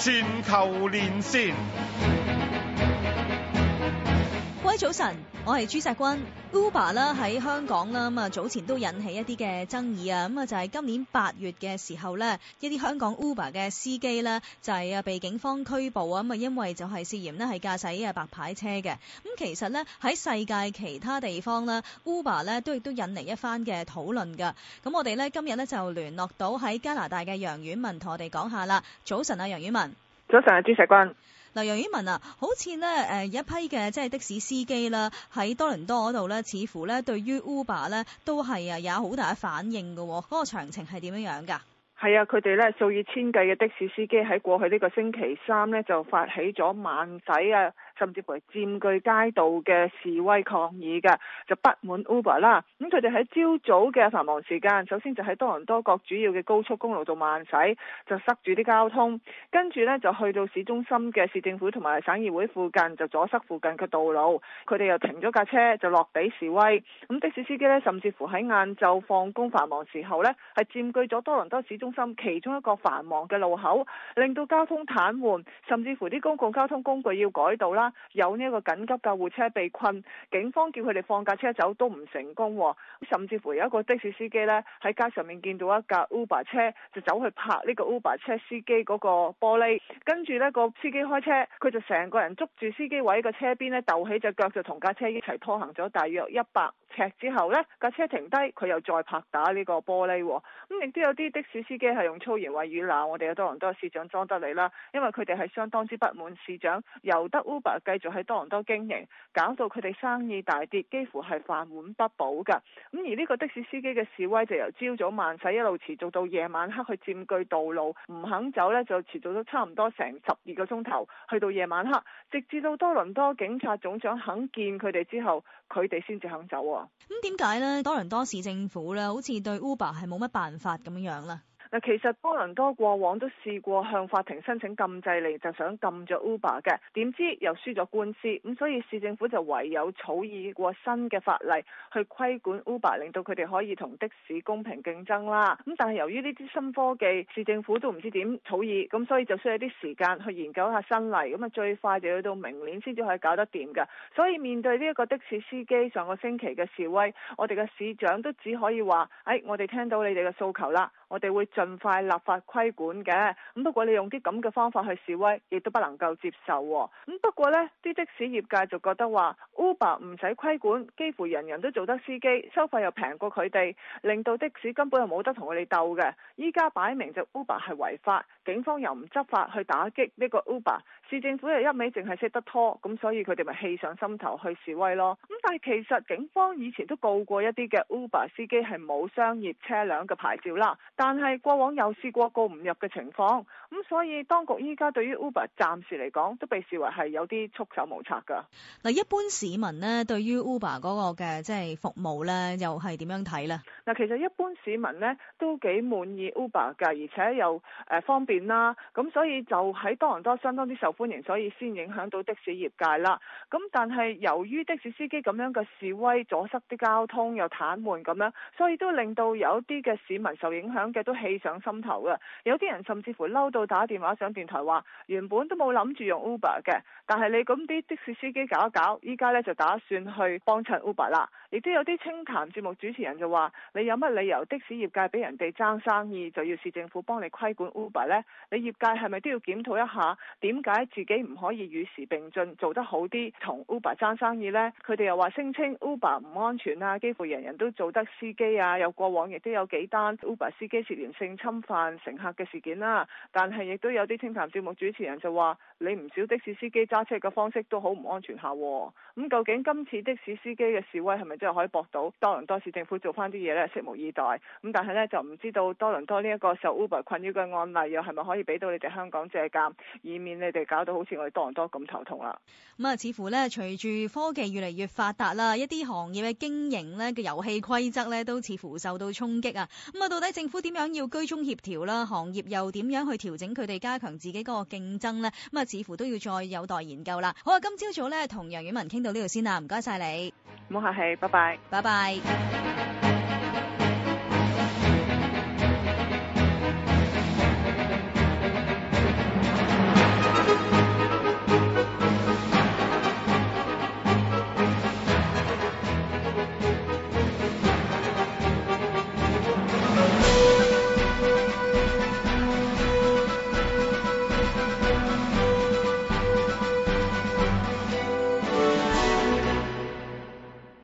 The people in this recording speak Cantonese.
全球連線。早晨，我係朱錫君。Uber 啦喺香港啦，咁啊早前都引起一啲嘅爭議啊，咁啊就係今年八月嘅時候呢，一啲香港 Uber 嘅司機呢，就係啊被警方拘捕啊，咁啊因為就係涉嫌呢係駕駛白牌車嘅。咁其實呢，喺世界其他地方啦 Uber 呢都亦都引嚟一番嘅討論噶。咁我哋呢，今日呢就聯絡到喺加拿大嘅楊婉文同我哋講下啦。早晨啊，楊婉文。早晨啊，朱錫君。嗱，楊婉文啊，好似呢誒，一批嘅即係的士司機啦，喺多倫多嗰度呢，似乎呢對於 Uber 呢都係、那個、啊，有好大嘅反應嘅，嗰個詳情係點樣樣噶？係啊，佢哋呢數以千計嘅的，的士司機喺過去呢個星期三呢就發起咗慢駛啊！甚至乎係佔據街道嘅示威抗議嘅，就不滿 Uber 啦。咁佢哋喺朝早嘅繁忙時間，首先就喺多倫多各主要嘅高速公路度慢駛，就塞住啲交通。跟住呢，就去到市中心嘅市政府同埋省議會附近，就阻塞附近嘅道路。佢哋又停咗架車，就落地示威。咁的士司機呢，甚至乎喺晏晝放工繁忙時候呢，係佔據咗多倫多市中心其中一個繁忙嘅路口，令到交通癱瘓，甚至乎啲公共交通工具要改道啦。有呢個緊急救護車被困，警方叫佢哋放架車走都唔成功、哦，甚至乎有一個的士司機呢，喺街上面見到一架 Uber 車，就走去拍呢個 Uber 車司機嗰個玻璃，跟住呢個司機開車，佢就成個人捉住司機位個車邊呢鬥起隻腳就起隻腳就同架車一齊拖行咗大約一百。尺之後呢，架車停低，佢又再拍打呢個玻璃、哦。咁亦都有啲的士司機係用粗言穢語鬧我哋嘅多倫多市長莊德利啦，因為佢哋係相當之不滿市長由得 Uber 繼續喺多倫多經營，搞到佢哋生意大跌，幾乎係飯碗不保嘅。咁而呢個的士司機嘅示威就由朝早慢駛一路持續到夜晚黑，去佔據道路唔肯走呢，就持續咗差唔多成十二個鐘頭，去到夜晚黑，直至到，到多倫多警察總長肯見佢哋之後，佢哋先至肯走、哦。咁點解咧？多倫多市政府咧，好似對 Uber 係冇乜辦法咁樣樣啦。嗱，其實多倫多過往都試過向法庭申請禁制令，就想禁咗 Uber 嘅，點知又輸咗官司，咁所以市政府就唯有草擬過新嘅法例去規管 Uber，令到佢哋可以同的士公平競爭啦。咁但係由於呢啲新科技，市政府都唔知點草擬，咁所以就需要啲時間去研究一下新例，咁啊最快就要到明年先至可以搞得掂㗎。所以面對呢一個的士司機上個星期嘅示威，我哋嘅市長都只可以話，誒、哎，我哋聽到你哋嘅訴求啦。我哋會盡快立法規管嘅，咁不過你用啲咁嘅方法去示威，亦都不能夠接受喎、哦。咁不過呢啲的士業界就覺得話，Uber 唔使規管，幾乎人人都做得司機，收費又平過佢哋，令到的士根本又冇得同佢哋鬥嘅。依家擺明就 Uber 係違法，警方又唔執法去打擊呢個 Uber，市政府又一味淨係識得拖，咁所以佢哋咪氣上心頭去示威咯。咁但係其實警方以前都告過一啲嘅 Uber 司機係冇商業車輛嘅牌照啦。但係過往有試過告唔入嘅情況，咁所以當局依家對於 Uber 暫時嚟講都被視為係有啲束手無策㗎。嗱，一般市民咧對於 Uber 嗰個嘅即係服務咧又係點樣睇呢？嗱，其實一般市民咧都幾滿意 Uber 㗎，而且又誒、呃、方便啦，咁所以就喺多倫多相當之受歡迎，所以先影響到的士業界啦。咁但係由於的士司機咁樣嘅示威阻塞啲交通又癱瘓咁樣，所以都令到有啲嘅市民受影響。嘅都氣上心頭啊，有啲人甚至乎嬲到打電話上電台話，原本都冇諗住用 Uber 嘅，但係你咁啲的士司機搞一搞，依家咧就打算去幫襯 Uber 啦。亦都有啲清談節目主持人就話，你有乜理由的士業界俾人哋爭生意，就要市政府幫你規管 Uber 咧？你業界係咪都要檢討一下，點解自己唔可以與時並進做得好啲，同 Uber 爭生意咧？佢哋又話聲稱 Uber 唔安全啊，幾乎人人都做得司機啊，有過往亦都有幾單 Uber 司機。涉嫌性侵犯乘客嘅事件啦，但係亦都有啲清談節目主持人就話，你唔少的士司機揸車嘅方式都好唔安全下，咁、嗯、究竟今次的士司機嘅示威係咪真係可以博到多倫多市政府做翻啲嘢呢？拭目以待，咁、嗯、但係呢，就唔知道多倫多呢一個受 Uber 困擾嘅案例又係咪可以俾到你哋香港借鑒，以免你哋搞到好似我哋多倫多咁頭痛啦。咁啊，似乎呢，隨住科技越嚟越發達啦，一啲行業嘅經營呢，嘅遊戲規則呢，都似乎受到衝擊啊。咁啊，到底政府點？點樣要居中協調啦？行業又點樣去調整佢哋加強自己嗰個競爭咧？咁啊，似乎都要再有待研究啦。好啊，今朝早咧，同楊婉文傾到呢度先啦，唔該晒你，唔好客氣，拜拜，拜拜。